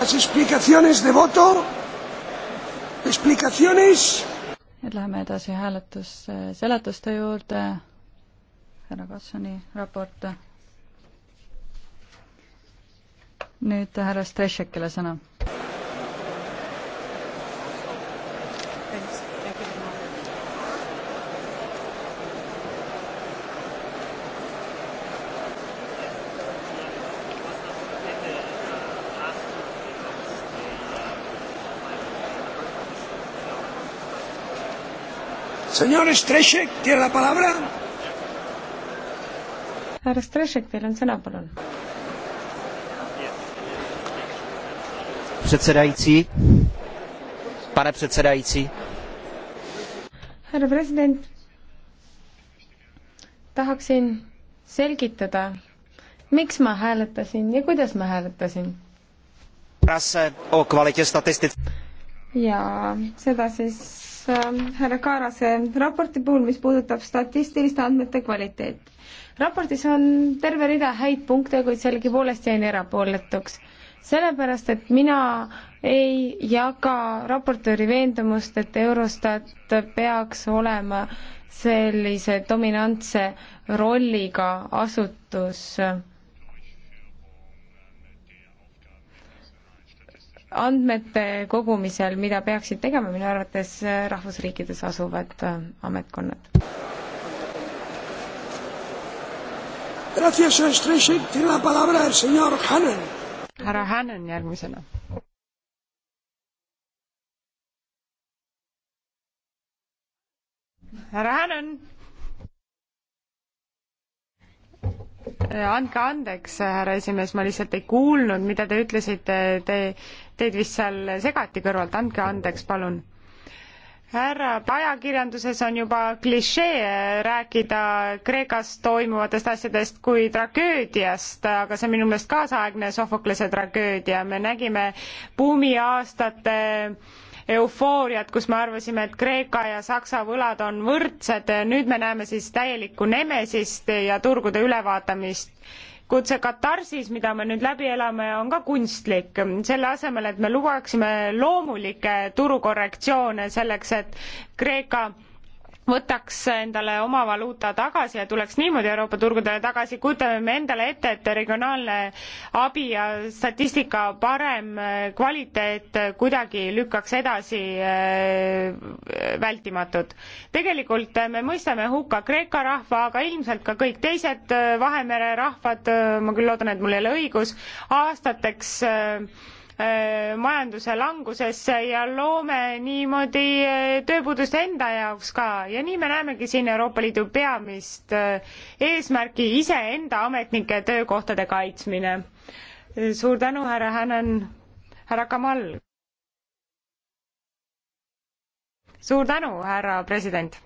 Las explicaciones de voto, explicaciones. nüüd läheme edasi hääletuse äh, seletuste juurde. härra Kassoni raport. nüüd härra Strešekile sõna Señor Strešek, tiene la palabra. härra Strešek, teil on sõna, palun. härra president, tahaksin selgitada, miks ma hääletasin ja kuidas ma hääletasin. ja seda siis Äh, härra Kaarase raporti puhul, mis puudutab statistiliste andmete kvaliteeti. raportis on terve rida häid punkte, kuid sellegipoolest jäin erapooletuks. sellepärast, et mina ei jaga raportööri veendumust, et Eurostat peaks olema sellise dominantse rolliga asutus andmete kogumisel, mida peaksid tegema minu arvates rahvusriikides asuvad äh, ametkonnad. härra Hannan järgmisena. härra Hannan Äh, andke andeks, härra esimees, ma lihtsalt ei kuulnud, mida te ütlesite, te, teid vist seal segati kõrvalt, andke andeks, palun. härra, ajakirjanduses on juba klišee äh, rääkida Kreekas toimuvatest asjadest kui tragöödiast, aga see on minu meelest kaasaegne Sofoklase tragöödia, me nägime buumiaastate äh, eufooriat, kus me arvasime, et Kreeka ja Saksa võlad on võrdsed, nüüd me näeme siis täielikku nemesist ja turgude ülevaatamist kuid see katarsis, mida me nüüd läbi elame, on ka kunstlik. selle asemel, et me lubaksime loomulikke turukorrektsioone selleks, et Kreeka võtaks endale oma valuuta tagasi ja tuleks niimoodi Euroopa turgudele tagasi, kujutame me endale ette, et regionaalne abi ja statistika parem kvaliteet kuidagi lükkaks edasi äh, vältimatut. tegelikult me mõistame hukka Kreeka rahva, aga ilmselt ka kõik teised äh, Vahemere rahvad, äh, ma küll loodan, et mul ei ole õigus, aastateks Äh, majanduse langusesse ja loome niimoodi äh, tööpuudust enda jaoks ka ja nii me näemegi siin Euroopa Liidu peamist äh, eesmärki iseenda ametnike töökohtade kaitsmine. suur tänu, härra Hänen, härra Kamal. suur tänu, härra president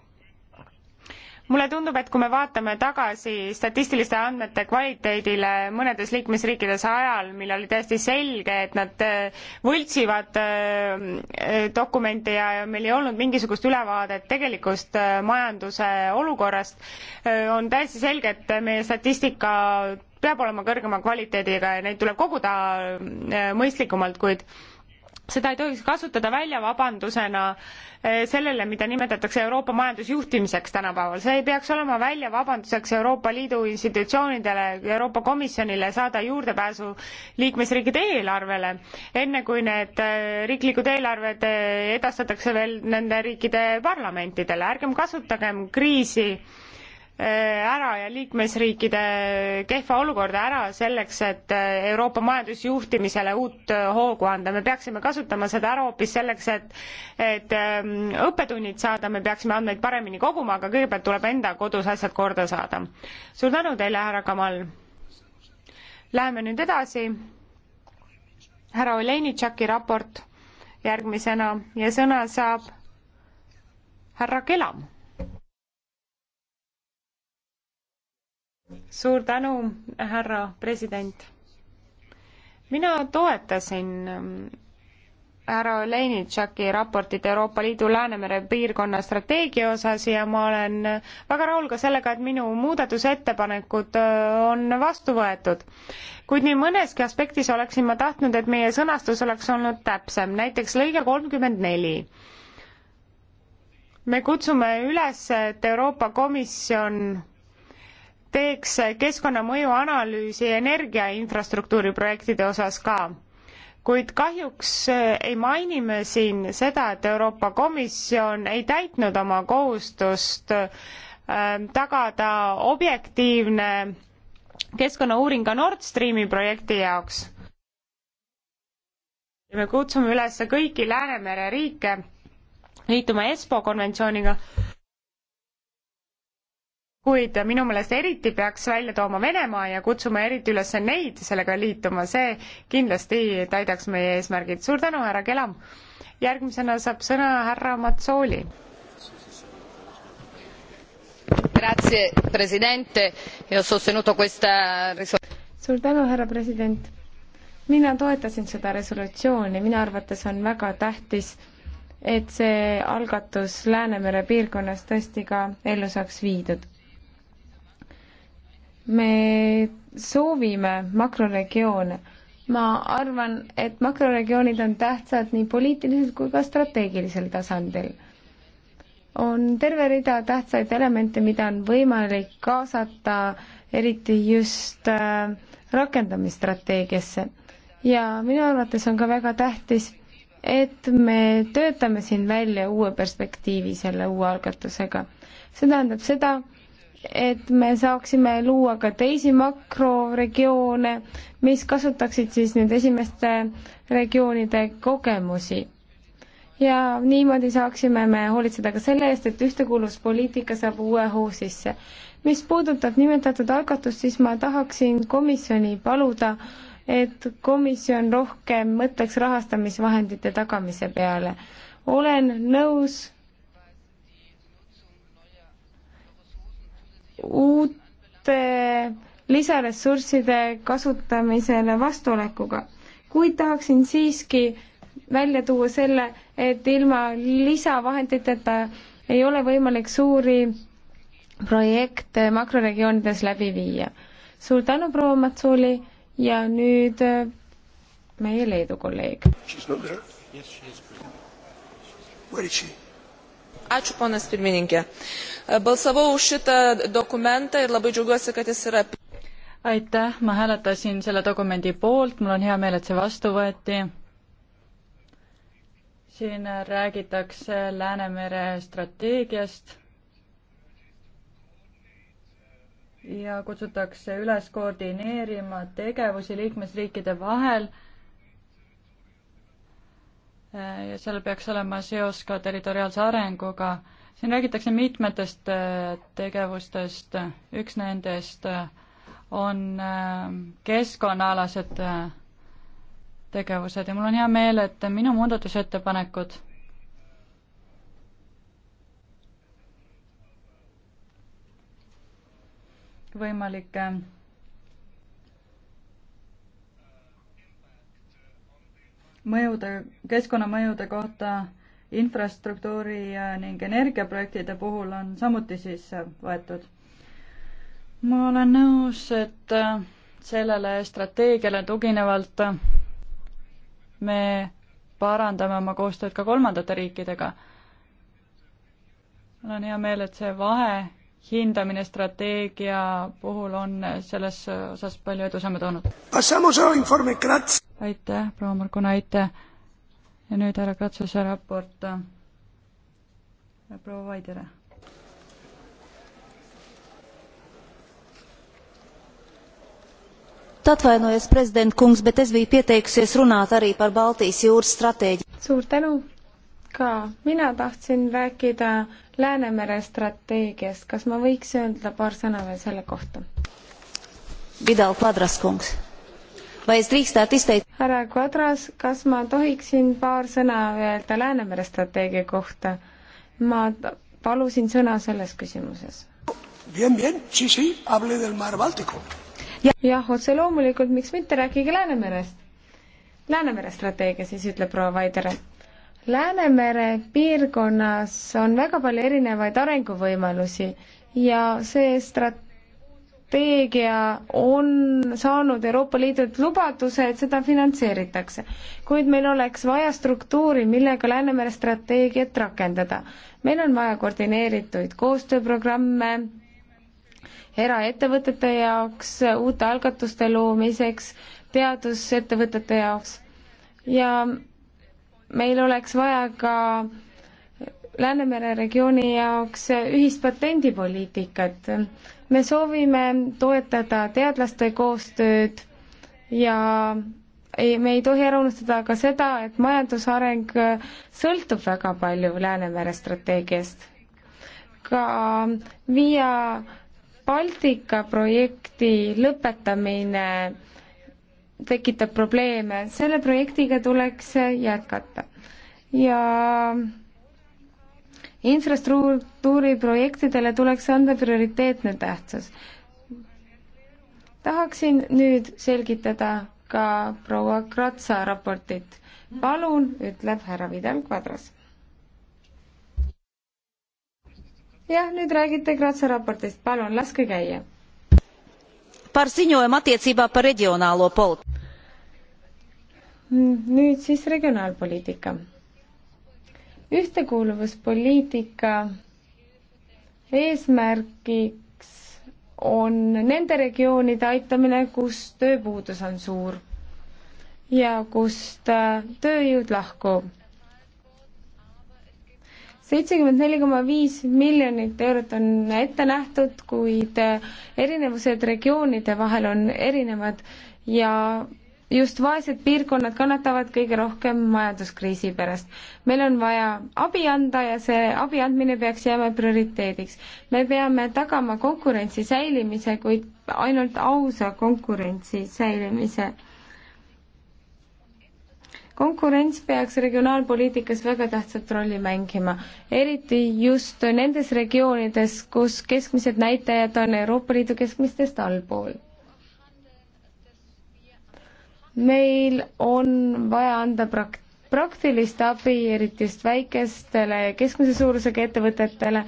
mulle tundub, et kui me vaatame tagasi statistiliste andmete kvaliteedile mõnedes liikmesriikides ajal, mil oli täiesti selge, et nad äh, võltsivad äh, äh, dokumente ja meil ei olnud mingisugust ülevaadet tegelikust majanduse olukorrast, on täiesti selge, et meie statistika peab olema kõrgema kvaliteediga ja neid tuleb koguda mõistlikumalt, kuid seda ei tohiks kasutada väljavabandusena eh, sellele, mida nimetatakse Euroopa majandusjuhtimiseks tänapäeval. see ei peaks olema väljavabanduseks Euroopa Liidu institutsioonidele, Euroopa Komisjonile saada juurdepääsu liikmesriikide eelarvele, enne kui need eh, riiklikud eelarved eh, edastatakse veel nende riikide parlamentidele. ärgem kasutagem kriisi Äh, ära ja liikmesriikide kehva olukorda ära selleks, et äh, Euroopa majandusjuhtimisele uut äh, hoogu anda. me peaksime kasutama seda ära hoopis selleks, et, et ähm, õppetunnid saada, me peaksime andmeid paremini koguma, aga kõigepealt tuleb enda kodus asjad korda saada. suur tänu teile, härra Kamal. Läheme nüüd edasi. härra Olenitšaki raport järgmisena ja sõna saab härra Kelam suur tänu, härra president. mina toetasin ähm, härra Olenitšaki raportit Euroopa Liidu Läänemere piirkonna strateegia osas ja ma olen väga rahul ka sellega, et minu muudatusettepanekud äh, on vastu võetud. kuid nii mõneski aspektis oleksin ma tahtnud, et meie sõnastus oleks olnud täpsem, näiteks lõige kolmkümmend neli me kutsume üles, et Euroopa Komisjon teeks keskkonnamõju analüüsi energiainfrastruktuuri projektide osas ka kuid kahjuks ei maini me siin seda, et Euroopa Komisjon ei täitnud oma kohustust ähm, tagada objektiivne keskkonnauuring ka Nord Streami projekti jaoks. ja me kutsume üles kõiki Läänemere riike liituma ESPO konventsiooniga kuid minu meelest eriti peaks välja tooma Venemaa ja kutsuma eriti üles neid sellega liituma, see kindlasti täidaks meie eesmärgid. suur tänu, härra Kelam! järgmisena saab sõna härra Matsooli. suur tänu, härra president! mina toetasin seda resolutsiooni, minu arvates on väga tähtis, et see algatus Läänemere piirkonnas tõesti ka ellu saaks viidud me soovime makroregioone. ma arvan, et makroregioonid on tähtsad nii poliitiliselt kui ka strateegilisel tasandil. on terve rida tähtsaid elemente, mida on võimalik kaasata eriti just äh, rakendamisstrateegiasse. ja minu arvates on ka väga tähtis, et me töötame siin välja uue perspektiivi selle uue algatusega. see tähendab seda, et me saaksime luua ka teisi makroregioone, mis kasutaksid siis nüüd esimeste regioonide kogemusi. ja niimoodi saaksime me hoolitseda ka selle eest, et ühtekuuluvuspoliitika saab uue hoo sisse. mis puudutab nimetatud algatust, siis ma tahaksin komisjoni paluda, et komisjon rohkem mõtleks rahastamisvahendite tagamise peale. olen nõus uute lisaressursside kasutamisele vastuolekuga, kuid tahaksin siiski välja tuua selle, et ilma lisavahenditeta ei ole võimalik suuri projekte makroregioonides läbi viia. suur tänu, proua Matsuli ja nüüd äh, meie Leedu kolleeg. ačiū, ponas pirmininkė. Balsavau už šitą dokumentą ir labai džiaugiuosi, kad jis yra. aitäh, ma hääletasin selle dokumendi poolt, mul on hea meel, et see vastu võeti. siin räägitakse Läänemere strateegiast ja kutsutakse üles koordineerima tegevusi liikmesriikide vahel. Äh, ja seal peaks olema seos ka territoriaalse arenguga siin räägitakse mitmetest äh, tegevustest, üks nendest äh, on äh, keskkonnaalased tegevused ja mul on hea meel, et minu muudatusettepanekud võimalike mõjude, keskkonnamõjude kohta infrastruktuuri äh, ning energiaprojektide puhul on samuti sisse võetud. ma olen nõus, et äh, sellele strateegiale tuginevalt äh, me parandame oma koostööd ka kolmandate riikidega. mul on hea meel, et see vahe hindamine strateegia puhul on selles osas palju edusamme toonud. aitäh, proua Margunaitäh ja nüüd härra Kratsuse raport äh, proua Vaidere. atvainojos president kungs, bet es biju pieteikusies runāt arī par Baltijas jūras stratēģi-. suur tänu ka mina tahtsin rääkida Läänemere strateegiast, kas ma võiks öelda paar sõna veel selle kohta? Vidal Quadras kungs härra Kadras, kas ma tohiksin paar sõna öelda Läänemere strateegia kohta? ma palusin sõna selles küsimuses. jah, otse loomulikult, miks mitte, rääkige Läänemerest. Läänemere strateegia siis, ütleb proua Vaidere. Läänemere piirkonnas on väga palju erinevaid arenguvõimalusi ja see strat-, strateegia on saanud Euroopa Liidult lubaduse, et seda finantseeritakse. kuid meil oleks vaja struktuuri, millega Läänemere strateegiat rakendada. meil on vaja koordineerituid koostööprogramme eraettevõtete jaoks, uute algatuste loomiseks, teadusettevõtete jaoks ja meil oleks vaja ka Läänemere regiooni jaoks ühist patendipoliitikat me soovime toetada teadlaste koostööd ja ei, me ei tohi ära unustada ka seda, et majandusareng sõltub väga palju Läänemere strateegiast. ka Via Baltica projekti lõpetamine tekitab probleeme, selle projektiga tuleks jätkata. ja infrastruktuuriprojektidele tuleks anda prioriteetne tähtsus. tahaksin nüüd selgitada ka proua Kratsa raportit. palun, ütleb härra Vidal Quadras. jah, nüüd räägite Kratsa raportist, palun laske käia. par ziņojumu attiecībā par reģionālo pol-. nüüd siis regionaalpoliitika ühtekuuluvuspoliitika eesmärgiks on nende regioonide aitamine, kus tööpuudus on suur ja kust äh, tööjõud lahkub. seitsekümmend neli koma viis miljonit eurot on ette nähtud, kuid äh, erinevused regioonide vahel on erinevad ja just vaesed piirkonnad kannatavad kõige rohkem majanduskriisi pärast. meil on vaja abi anda ja see abi andmine peaks jääma prioriteediks. me peame tagama konkurentsi säilimise, kuid ainult ausa konkurentsi säilimise. konkurents peaks regionaalpoliitikas väga tähtsat rolli mängima, eriti just nendes regioonides, kus keskmised näitajad on Euroopa Liidu keskmistest allpool meil on vaja anda prak-, praktilist abi, eriti just väikestele keskmise suurusega ettevõtetele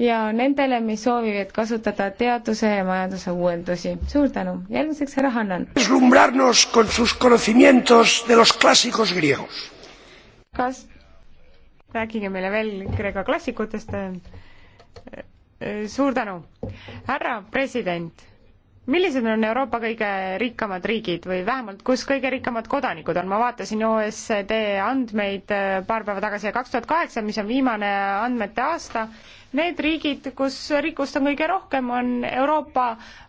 ja nendele, mis soovivad kasutada teaduse ja majanduse uuendusi. suur tänu, järgmiseks härra Hannan. kas, rääkige meile veel Kreeka klassikutest. suur tänu, härra president millised on Euroopa kõige rikkamad riigid või vähemalt, kus kõige rikkamad kodanikud on, ma vaatasin OSCD andmeid äh, paar päeva tagasi ja kaks tuhat kaheksa, mis on viimane andmete aasta, need riigid, kus rikkust on kõige rohkem, on Euroopa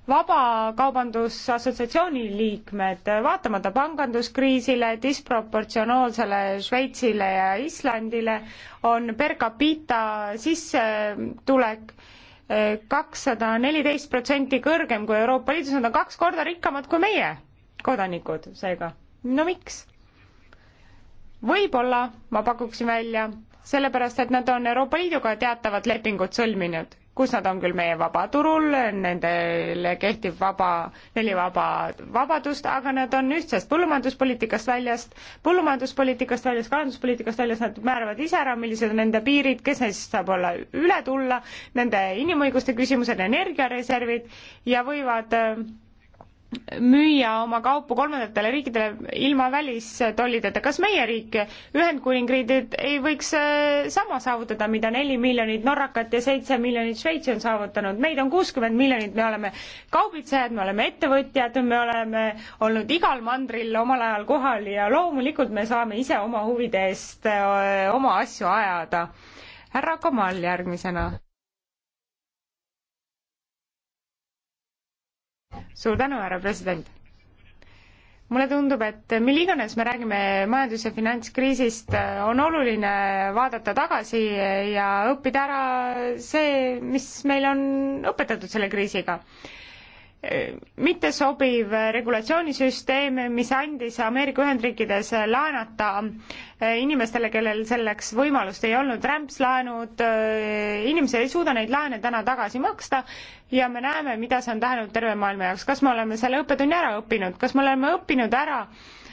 Vabakaubandusassotsiatsiooni liikmed, vaatamata panganduskriisile, disproportsionaalsele Šveitsile ja Islandile, on per capita sissetulek kakssada neliteist protsenti kõrgem kui Euroopa Liidus, nad on kaks korda rikkamad kui meie kodanikud, seega no miks? võib-olla ma pakuksin välja sellepärast et nad on Euroopa Liiduga teatavad lepingud sõlminud, kus nad on küll meie vabaturul, nendele kehtib vaba, neli vaba vabadust, aga nad on ühtsest põllumajanduspoliitikast väljast, põllumajanduspoliitikast väljast, kalanduspoliitikast väljast, nad määravad ise ära, millised on nende piirid, kes neist saab olla, üle tulla, nende inimõiguste küsimused, energiareservid ja võivad äh, müüa oma kaupu kolmandatele riikidele ilma välistollideta. kas meie riik, Ühendkuningriik, ei võiks äh, sama saavutada, mida neli miljonit norrakat ja seitse miljonit Šveitsi on saavutanud? meid on kuuskümmend miljonit, me oleme kaubitsejad, me oleme ettevõtjad, me oleme olnud igal mandril omal ajal kohal ja loomulikult me saame ise oma huvide eest äh, oma asju ajada. härra Kamal järgmisena suur tänu, härra president! mulle tundub, et mille iganes me räägime majandus- ja finantskriisist, äh, on oluline vaadata tagasi ja õppida ära see, mis meil on õpetatud selle kriisiga. Äh, mittesobiv regulatsioonisüsteem, mis andis Ameerika Ühendriikides laenata inimestele, kellel selleks võimalust ei olnud, rämpslaenud, äh, inimesed ei suuda neid laene täna tagasi maksta ja me näeme, mida see on tähendanud terve maailma jaoks. kas me oleme selle õppetunni ära õppinud, kas me oleme õppinud ära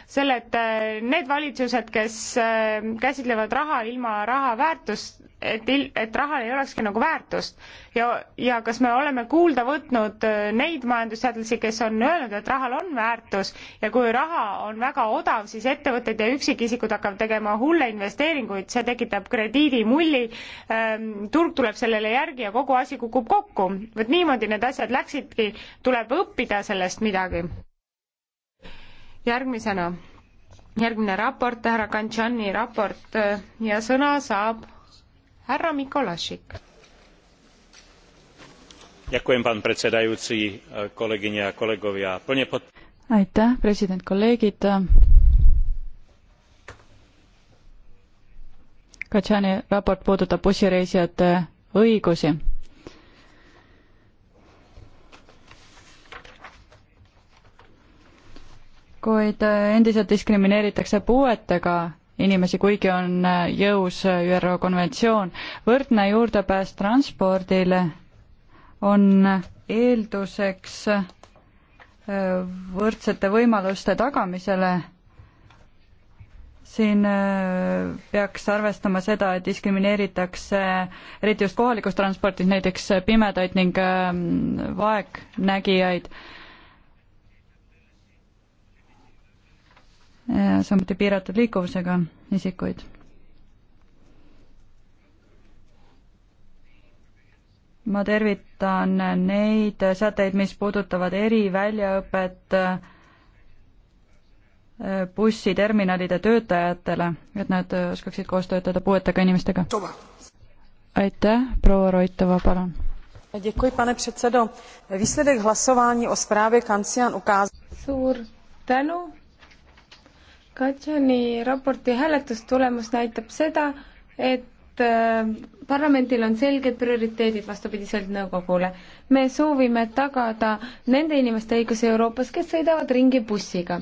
selle, et äh, need valitsused, kes äh, käsitlevad raha ilma raha väärtust, et il-, et rahal ei olekski nagu väärtust. ja, ja kas me oleme kuulda võtnud äh, neid majandusteadlasi, kes on öelnud, et rahal on väärtus ja kui raha on väga odav, siis ettevõtted ja üksikisikud hakkavad tegema hulle investeeringuid, see tekitab krediidimulli ähm,, turg tuleb sellele järgi ja kogu asi kukub kokku. vot niimoodi need asjad läksidki, tuleb õppida sellest midagi järgmisena, järgmine raport, härra Kantšani raport ja sõna saab härra Mikolašik. aitäh, president, kolleegid. Kantšani raport puudutab bussireisijate õigusi kuid äh, endiselt diskrimineeritakse puuetega inimesi, kuigi on äh, jõus äh, ÜRO konventsioon. võrdne juurdepääs transpordile on eelduseks võrdsete võimaluste tagamisele. siin peaks arvestama seda, et diskrimineeritakse eriti just kohalikus transpordis näiteks pimedaid ning vaegnägijaid Äh, samuti piiratud liikuvusega isikuid. ma tervitan neid sätteid, mis puudutavad eriväljaõpet äh, bussiterminalide töötajatele, et nad oskaksid koos töötada puuetega inimestega. aitäh, proua Roitova, palun. suur tänu Katjani raporti hääletustulemus näitab seda, et äh, parlamendil on selged prioriteedid vastupidiselt nõukogule. me soovime tagada nende inimeste õiguse Euroopas, kes sõidavad ringi bussiga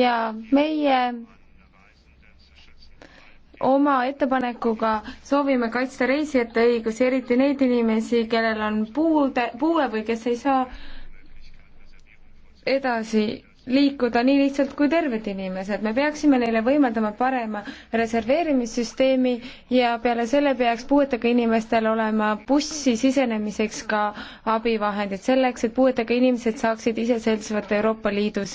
ja meie oma ettepanekuga soovime kaitsta reisijate õigusi, eriti neid inimesi, kellel on puude, puue või kes ei saa edasi liikuda nii lihtsalt kui terved inimesed. me peaksime neile võimaldama parema reserveerimissüsteemi ja peale selle peaks puuetega inimestel olema bussi sisenemiseks ka abivahendid selleks, et puuetega inimesed saaksid iseseisvalt Euroopa Liidus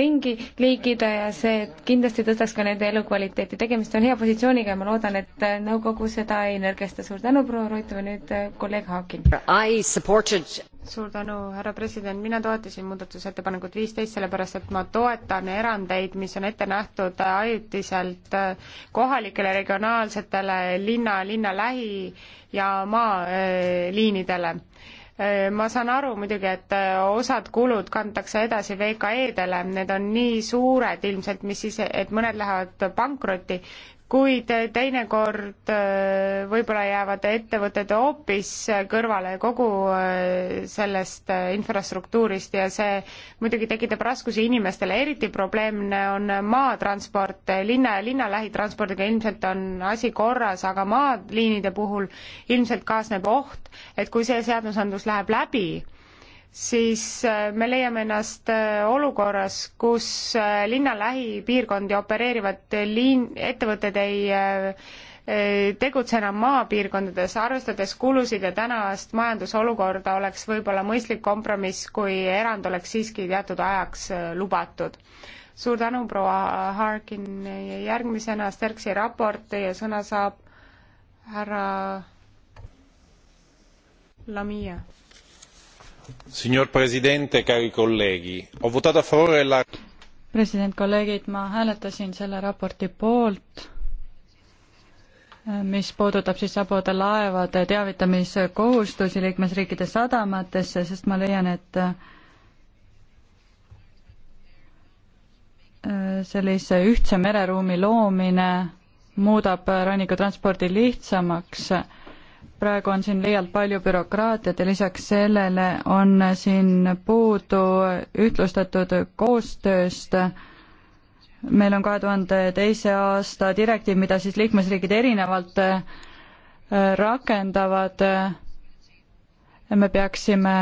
ringi liigida ja see kindlasti tõstaks ka nende elukvaliteeti. tegemist on hea positsiooniga ja ma loodan, et nõukogu seda ei nõrgesta. suur tänu, proua Roitova, nüüd äh, kolleeg Haakin suur tänu, härra president, mina toetasin muudatusettepanekut viisteist, sellepärast et ma toetan erandeid, mis on ette nähtud ajutiselt äh, kohalikele, regionaalsetele linna, linna lähi- ja maaliinidele äh, äh, ma saan aru muidugi, et osad kulud kantakse edasi VKE-dele, need on nii suured ilmselt, mis siis, et mõned lähevad pankrotti, kuid teinekord äh, võib-olla jäävad ettevõtted hoopis kõrvale kogu äh, sellest äh, infrastruktuurist ja see muidugi tekitab raskusi inimestele, eriti probleemne on maatransport, linna ja linna lähitranspordiga ilmselt on asi korras, aga maaliinide puhul ilmselt kaasneb oht, et kui see seadusandlus läheb läbi, siis äh, me leiame ennast äh, olukorras, kus äh, linna lähipiirkondi opereerivad liin, ettevõtted ei tegutse enam maapiirkondades, arvestades kulusid ja tänast majandusolukorda oleks võib-olla mõistlik kompromiss, kui erand oleks siiski teatud ajaks lubatud. suur tänu, proua Harkin, järgmisena Sterksi raport, teie sõna saab härra Lamia signor presidente cari colleghi ho votato a favore della. president kolleegid ma hääletasin selle raporti poolt eh, mis puudutab siis sabode laevade teavitamiskohustusi liikmesriikide sadamatesse sest ma leian et eh, sellise ühtse mereruumi loomine muudab rannikutranspordi lihtsamaks praegu on siin liialt palju bürokraatiat ja lisaks sellele on siin puudu ühtlustatud koostööst. meil on kahe tuhande teise aasta direktiiv, mida siis liikmesriigid erinevalt äh, rakendavad. me peaksime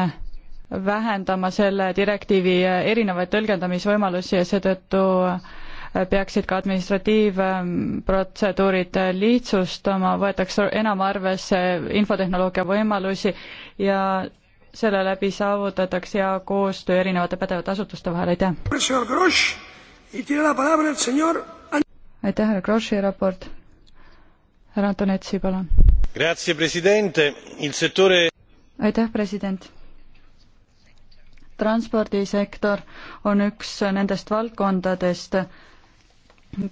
vähendama selle direktiivi erinevaid tõlgendamisvõimalusi ja seetõttu peaksid ka administratiivprotseduurid lihtsustama, võetakse enam arvesse infotehnoloogia võimalusi ja selle läbi saavutatakse hea koostöö erinevate pädevate asutuste vahel, aitäh! aitäh, härra Grossi raport. härra Antonetsi, palun. aitäh, president! transpordisektor on üks nendest valdkondadest,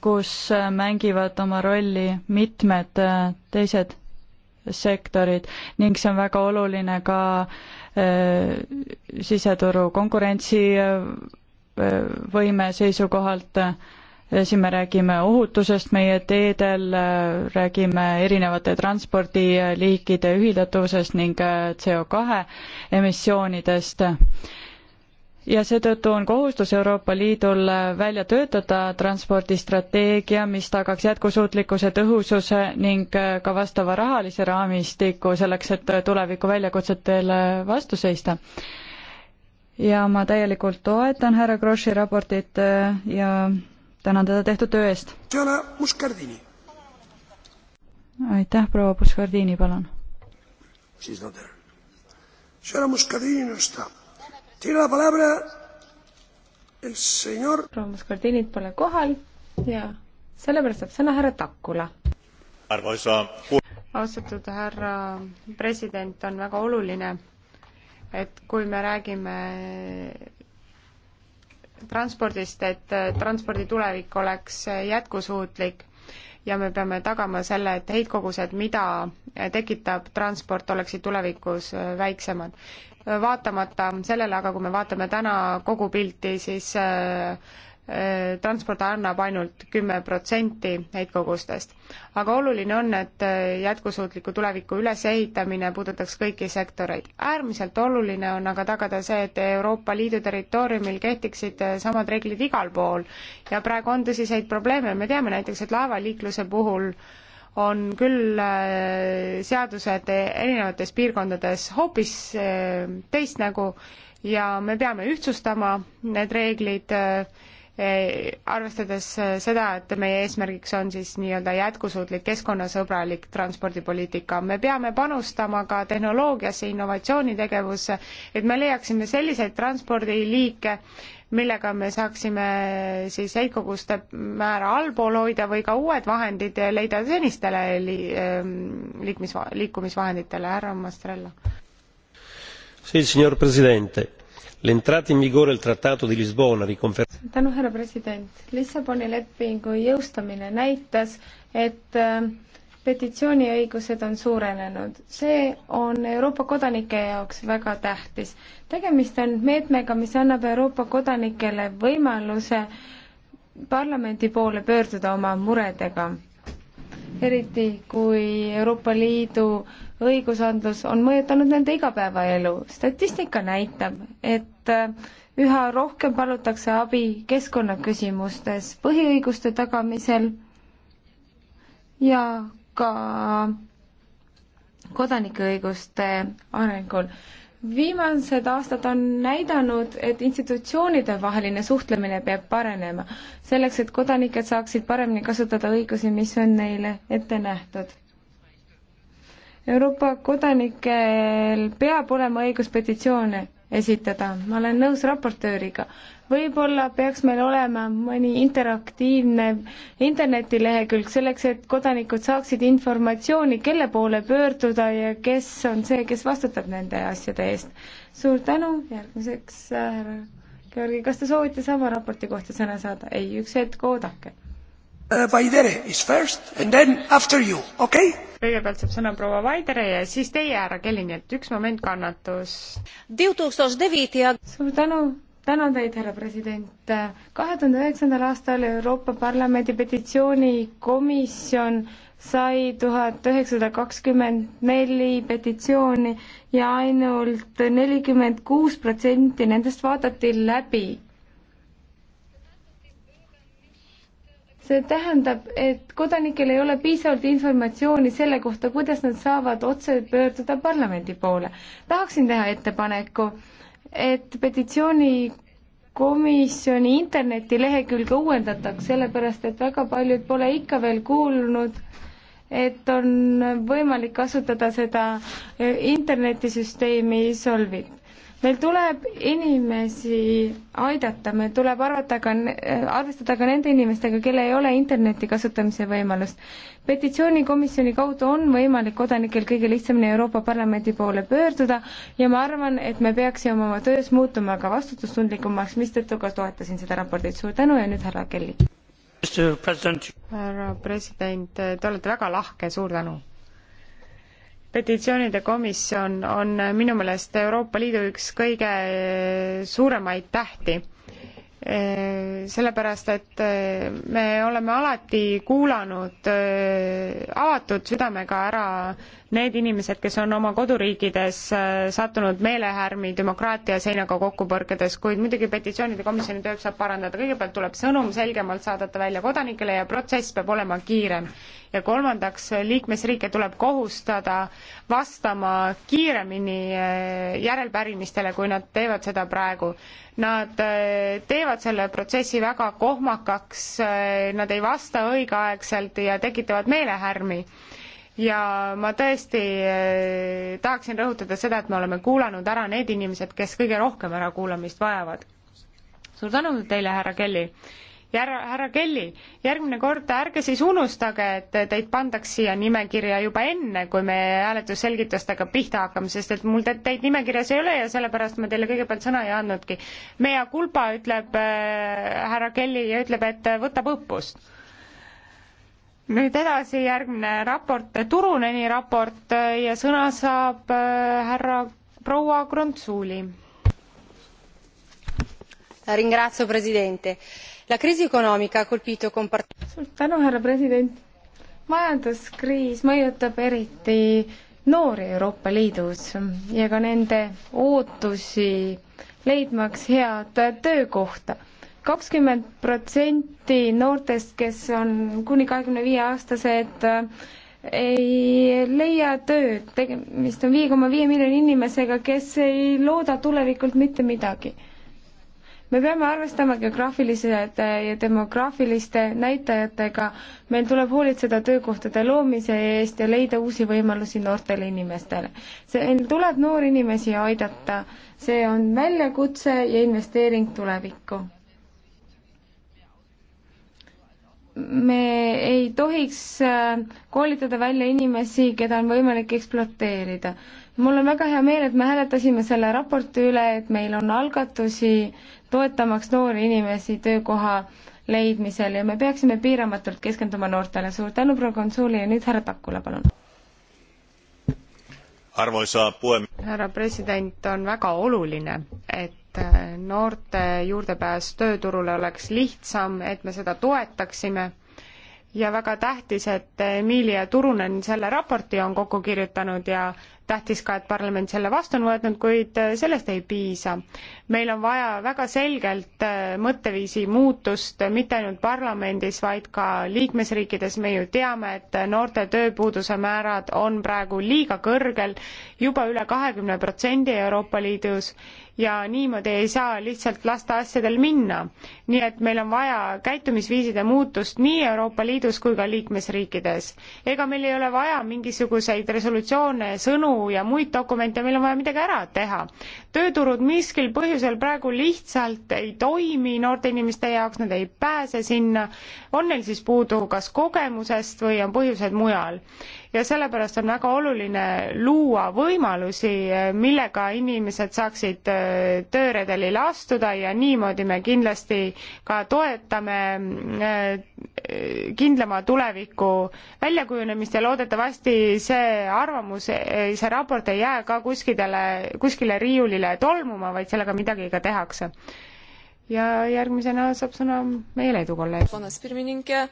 kus äh, mängivad oma rolli mitmed äh, teised sektorid ning see on väga oluline ka äh, siseturu konkurentsivõime seisukohalt. siin me räägime ohutusest meie teedel, räägime erinevate transpordiliikide ühildatavusest ning CO kahe emissioonidest ja seetõttu on kohustus Euroopa Liidul välja töötada transpordistrateegia, mis tagaks jätkusuutlikkuse, tõhususe ning ka vastava rahalise raamistiku selleks, et tuleviku väljakutsetele vastu seista. ja ma täielikult toetan härra Grossi raportit äh, ja tänan teda tehtud töö eest. aitäh, proua Puskardini, palun. siis on teil. Signora Muscardini non sta proua Muskardinit pole kohal ja sellepärast saab sõna härra Takula. austatud härra president, on väga oluline, et kui me räägime transpordist, et transpordi tulevik oleks jätkusuutlik ja me peame tagama selle, et heitkogused, mida tekitab transport, oleksid tulevikus väiksemad vaatamata sellele aga, kui me vaatame täna kogu pilti, siis äh, äh, transport annab ainult kümme protsenti heitkogustest. aga oluline on, et äh, jätkusuutliku tuleviku ülesehitamine puudutaks kõiki sektoreid. äärmiselt oluline on aga tagada see, et Euroopa Liidu territooriumil kehtiksid samad reeglid igal pool ja praegu on tõsiseid probleeme, me teame näiteks, et laevaliikluse puhul äh, on küll äh, seadused erinevates piirkondades hoopis äh, teist nägu ja me peame ühtsustama need reeglid äh, arvestades äh, seda, et meie eesmärgiks on siis nii-öelda jätkusuutlik keskkonnasõbralik transpordipoliitika, me peame panustama ka tehnoloogiasse, innovatsioonitegevusse, et me leiaksime selliseid transpordiliike, millega me saaksime äh, siis heitkoguste määra allpool hoida või ka uued vahendid leida senistele li-, ähm, liikmis-, liikumisvahenditele, härra Mastrella. Sì, signor Presidente l'entrata in vigore del trattato di lisbona riconferma lissaboni lepingu jõustamine näitas et äh, petitsiooniõigused on suurenenud. see on Euroopa kodanike jaoks väga tähtis. tegemist on meetmega, mis annab Euroopa kodanikele võimaluse parlamendi poole pöörduda oma muredega eriti kui Euroopa Liidu õigusandlus on mõjutanud nende igapäevaelu. statistika näitab, et äh, üha rohkem palutakse abi keskkonnaküsimustes, põhiõiguste tagamisel ja ka kodanikeõiguste arengul viimased aastad on näidanud, et institutsioonide vaheline suhtlemine peab parenema, selleks et kodanikud saaksid paremini kasutada õigusi, mis on neile ette nähtud. Euroopa kodanikel peab olema õigus petitsioone esitada, ma olen nõus raportööriga, võib-olla peaks meil olema mõni interaktiivne internetilehekülg selleks, et kodanikud saaksid informatsiooni, kelle poole pöörduda ja kes on see, kes vastutab nende asjade eest. suur tänu, järgmiseks äh, härra äh, Georgi, kas te soovite sama raporti kohta sõna saada? ei, üks hetk, oodake uh, Okay? kõigepealt saab sõna proua Vaidere ja siis teie härra Kelling, et üks moment kannatust. suur tänu, tänan teid, härra president. kahe tuhande üheksandal aastal Euroopa Parlamendi petitsioonikomisjon sai tuhat üheksasada kakskümmend neli petitsiooni ja ainult nelikümmend kuus protsenti nendest vaadati läbi. see tähendab, et kodanikel ei ole piisavalt informatsiooni selle kohta, kuidas nad saavad otse pöörduda parlamendi poole. tahaksin teha ettepaneku et petitsioonikomisjoni internetilehekülge uuendataks, sellepärast et väga paljud pole ikka veel kuulnud, et on võimalik kasutada seda internetisüsteemi Solvit meil tuleb inimesi aidata, meil tuleb arvata ka, arvestada ka nende inimestega, kellel ei ole interneti kasutamise võimalust. petitsioonikomisjoni kaudu on võimalik kodanikel kõige lihtsamini Euroopa Parlamendi poole pöörduda ja ma arvan, et me peaksime oma töös muutuma ka vastutustundlikumaks, mistõttu ka toetasin seda raportit. suur tänu ja nüüd härra Kelly. härra president, te olete väga lahke, suur tänu petitsioonide komisjon on minu meelest Euroopa Liidu üks kõige suuremaid tähti. sellepärast, et me oleme alati kuulanud avatud südamega ära need inimesed, kes on oma koduriikides äh, sattunud meelehärmi demokraatia seinaga kokkupõrkedes, kuid muidugi petitsioonide komisjoni tööd saab parandada, kõigepealt tuleb sõnum selgemalt saadata välja kodanikele ja protsess peab olema kiirem. ja kolmandaks, liikmesriike tuleb kohustada vastama kiiremini äh, järelpärimistele, kui nad teevad seda praegu. Nad äh, teevad selle protsessi väga kohmakaks, nad ei vasta õigeaegselt ja tekitavad meelehärmi ja ma tõesti eh, tahaksin rõhutada seda, et me oleme kuulanud ära need inimesed, kes kõige rohkem ärakuulamist vajavad. suur tänu teile, härra Kelly härra, härra Kelly, järgmine kord ärge siis unustage, et teid pandaks siia nimekirja juba enne, kui me hääletusselgitustega pihta hakkame, sest et mul te, teid nimekirjas ei ole ja sellepärast ma teile kõigepealt sõna ei andnudki. mea culpa, ütleb äh, härra Kelly ja ütleb, et võtab õppust nüüd edasi järgmine raport, Turuneni raport äh, ja sõna saab äh, härra proua Gruntsuli. Ringrazio presidente. La crisi economica ha colpito con part-. suur tänu, härra president. majanduskriis mõjutab eriti noori Euroopa Liidus ja ka nende ootusi leidmaks head töökohta kakskümmend protsenti noortest, kes on kuni kahekümne viie aastased, ei leia tööd, tegemist on viie koma viie miljoni inimesega, kes ei looda tulevikult mitte midagi. me peame arvestama geograafilise ja demograafiliste näitajatega, meil tuleb hoolitseda töökohtade loomise eest ja leida uusi võimalusi noortele inimestele. see, tuleb noori inimesi aidata, see on väljakutse ja investeering tulevikku me ei tohiks äh, koolitada välja inimesi, keda on võimalik ekspluateerida. mul on väga hea meel, et me hääletasime selle raporti üle, et meil on algatusi toetamaks noori inimesi töökoha leidmisel ja me peaksime piiramatult keskenduma noortele. suur tänu, proua konsuuli ja nüüd härra Takula, palun. arvoisa puhemees. härra president, on väga oluline, et äh, noorte juurdepääs tööturule oleks lihtsam, et me seda toetaksime ja väga tähtis, et Emilia Turunen selle raporti on kokku kirjutanud ja tähtis ka, et parlament selle vastu on võetud, kuid äh, sellest ei piisa. meil on vaja väga selgelt äh, mõtteviisi muutust, mitte ainult parlamendis, vaid ka liikmesriikides, me ju teame, et noorte tööpuuduse määrad on praegu liiga kõrgel, juba üle kahekümne protsendi Euroopa Liidus ja niimoodi ei saa lihtsalt lasta asjadel minna. nii et meil on vaja käitumisviiside muutust nii Euroopa Liidus kui ka liikmesriikides. ega meil ei ole vaja mingisuguseid resolutsioone, sõnu ja muid dokumente, meil on vaja midagi ära teha tööturud miskil põhjusel praegu lihtsalt ei toimi noorte inimeste jaoks, nad ei pääse sinna, on neil siis puudu kas kogemusest või on põhjused mujal. ja sellepärast on väga oluline luua võimalusi, millega inimesed saaksid äh, tööredelile astuda ja niimoodi me kindlasti ka toetame äh, kindlama tuleviku väljakujunemist ja loodetavasti see arvamus, äh, see raport ei jää ka kuskile, kuskile riiulile kuskile tolmuma, vaid sellega midagi ka tehakse. ja järgmisena saab sõna meie Leedu kolleeg. ponas pirmininke,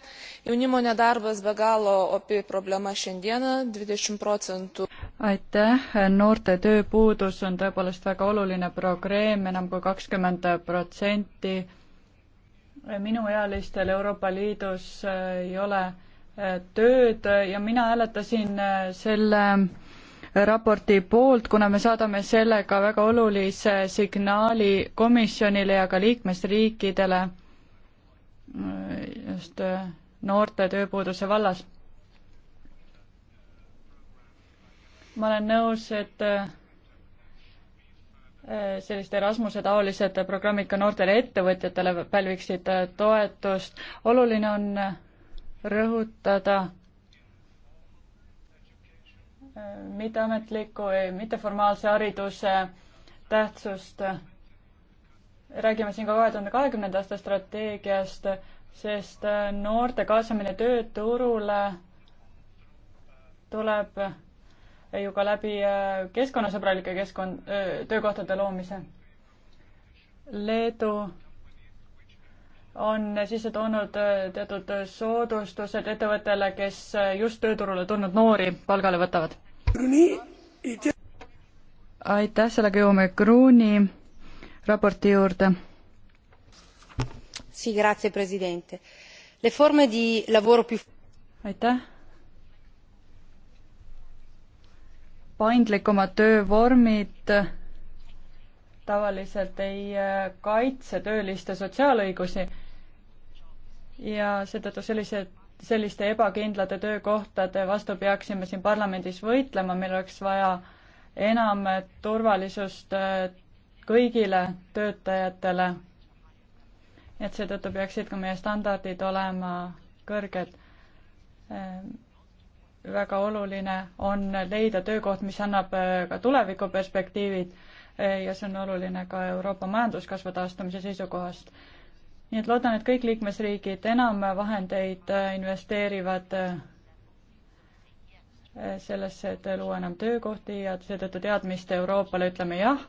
jaunimo nedarbas be galo opi problema šiandiena, dvidešimt protsenti. aitäh, noorte tööpuudus on tõepoolest väga oluline probleem, enam kui kakskümmend protsenti minuealistel Euroopa Liidus ei ole tööd ja mina hääletasin selle raporti poolt, kuna me saadame sellega väga olulise signaali komisjonile ja ka liikmesriikidele äh, just äh, noorte tööpuuduse vallas. ma olen nõus, et äh, sellised Erasmuse taolised programmid ka noortele ettevõtjatele pälviksid toetust. oluline on rõhutada mitteametliku või mitteformaalse hariduse tähtsust. räägime siin ka kahe tuhande kahekümnenda aasta strateegiast, sest noorte kaasamine tööturule tuleb ju ka läbi äh, keskkonnasõbralike keskkond, töökohtade loomise. Leedu on sisse toonud äh, teatud äh, soodustused ettevõttele, kes äh, just tööturule tulnud noori palgale võtavad. aitäh, sellega jõuame Kruuni raporti juurde. aitäh. paindlikumad töövormid tavaliselt ei kaitse tööliste sotsiaalõigusi ja seetõttu sellised selliste ebakindlate töökohtade vastu peaksime siin parlamendis võitlema, meil oleks vaja enam turvalisust äh, kõigile töötajatele. et seetõttu peaksid ka meie standardid olema kõrged. Äh, väga oluline on leida töökoht, mis annab äh, ka tulevikuperspektiivid ja see on oluline ka Euroopa majanduskasvu taastumise seisukohast nii et loodan, et kõik liikmesriigid enam vahendeid äh, investeerivad äh, sellesse, et luua enam töökohti ja seetõttu teadmiste Euroopale ütleme jah,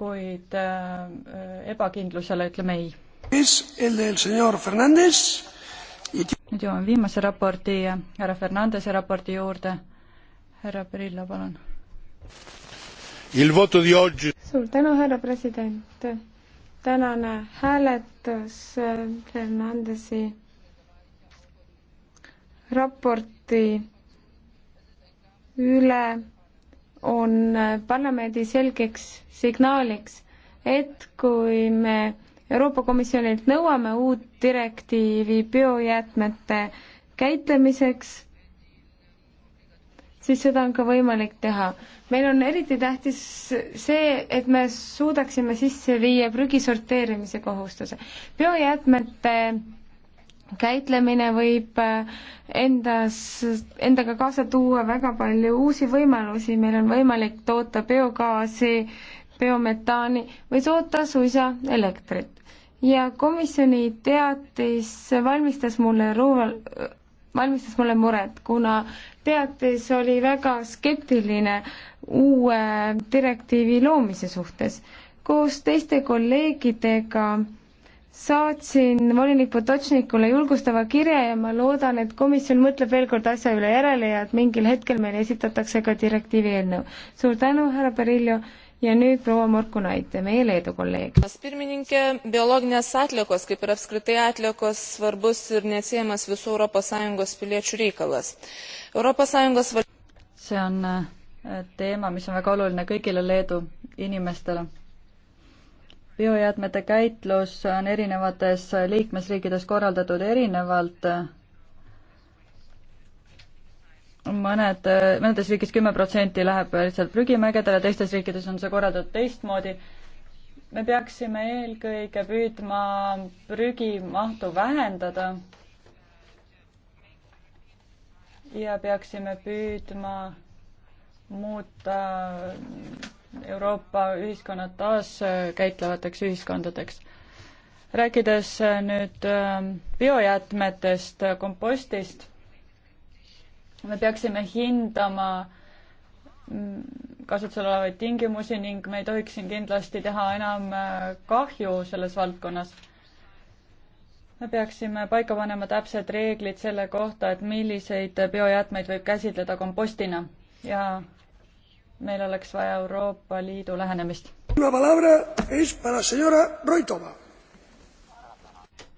kuid äh, ebakindlusele ütleme ei. nüüd jõuame viimase raporti, härra Fernandese raporti juurde. härra Perillo, palun. suur tänu, härra president tänane hääletus Fernandesi raporti üle on parlamendi selgeks signaaliks, et kui me Euroopa Komisjonilt nõuame uut direktiivi biojäätmete käitlemiseks siis seda on ka võimalik teha. meil on eriti tähtis see, et me suudaksime sisse viia prügi sorteerimise kohustuse. biojäätmete käitlemine võib äh, endas, endaga kaasa tuua väga palju uusi võimalusi, meil on võimalik toota biogaasi, biometaani või toota suisa elektrit ja komisjoni teatis valmistas mulle ruuval, valmistas mulle muret, kuna teatis oli väga skeptiline uue direktiivi loomise suhtes. koos teiste kolleegidega saatsin volinik Potočnikule julgustava kirja ja ma loodan, et komisjon mõtleb veel kord asja üle järele ja et mingil hetkel meile esitatakse ka direktiivi eelnõu. suur tänu, härra Perillo ja nüüd proua Morkunaitė, meie Leedu kolleeg. pirmininke, bioloogilised atliekos, kaip ir apskritai atliekos, svarbus ir neatsiejamas visų ES piliečių reikalas. ES val-. see on äh, teema, mis on väga oluline kõigile Leedu inimestele. biojäätmete käitlus on erinevates liikmesriikides korraldatud erinevalt äh, mõned, mõnedes riikides kümme protsenti läheb lihtsalt prügimägedele, teistes riikides on see korraldatud teistmoodi. me peaksime eelkõige püüdma prügimahtu vähendada ja peaksime püüdma muuta Euroopa ühiskonnad taaskäitlevateks ühiskondadeks. rääkides nüüd ähm, biojäätmetest, kompostist, me peaksime hindama mm, kasutusel olevaid tingimusi ning me ei tohiks siin kindlasti teha enam äh, kahju selles valdkonnas. me peaksime paika panema täpsed reeglid selle kohta, et milliseid biojäätmeid võib käsitleda kompostina ja meil oleks vaja Euroopa Liidu lähenemist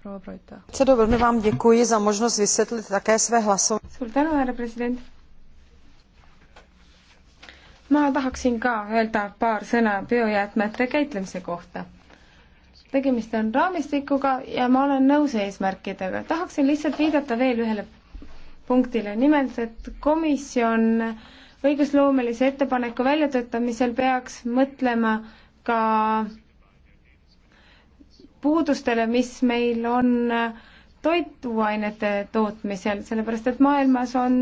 proua Proita. suur tänu, härra president. ma tahaksin ka öelda paar sõna biojäätmete käitlemise kohta tegemist on raamistikuga ja ma olen nõus eesmärkidega. tahaksin lihtsalt viidata veel ühele punktile, nimelt et komisjon õigusloomelise ettepaneku väljatöötamisel peaks mõtlema ka puudustele, mis meil on äh, toiduainete tootmisel, sellepärast et maailmas on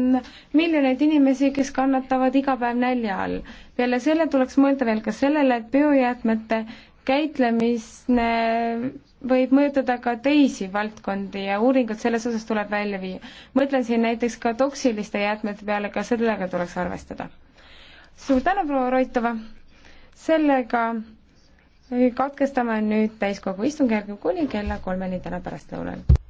miljoneid inimesi, kes kannatavad iga päev nälja all. peale selle tuleks mõelda veel ka sellele, et biojäätmete käitlemine võib mõjutada ka teisi valdkondi ja uuringud selles osas tuleb välja viia. mõtlen siin näiteks ka toksiliste jäätmete peale, ka sellega tuleks arvestada. suur tänu, proua Roitova! sellega katkestame nüüd täiskogu istungjärgu kuni kella kolmeni täna pärastlõunal.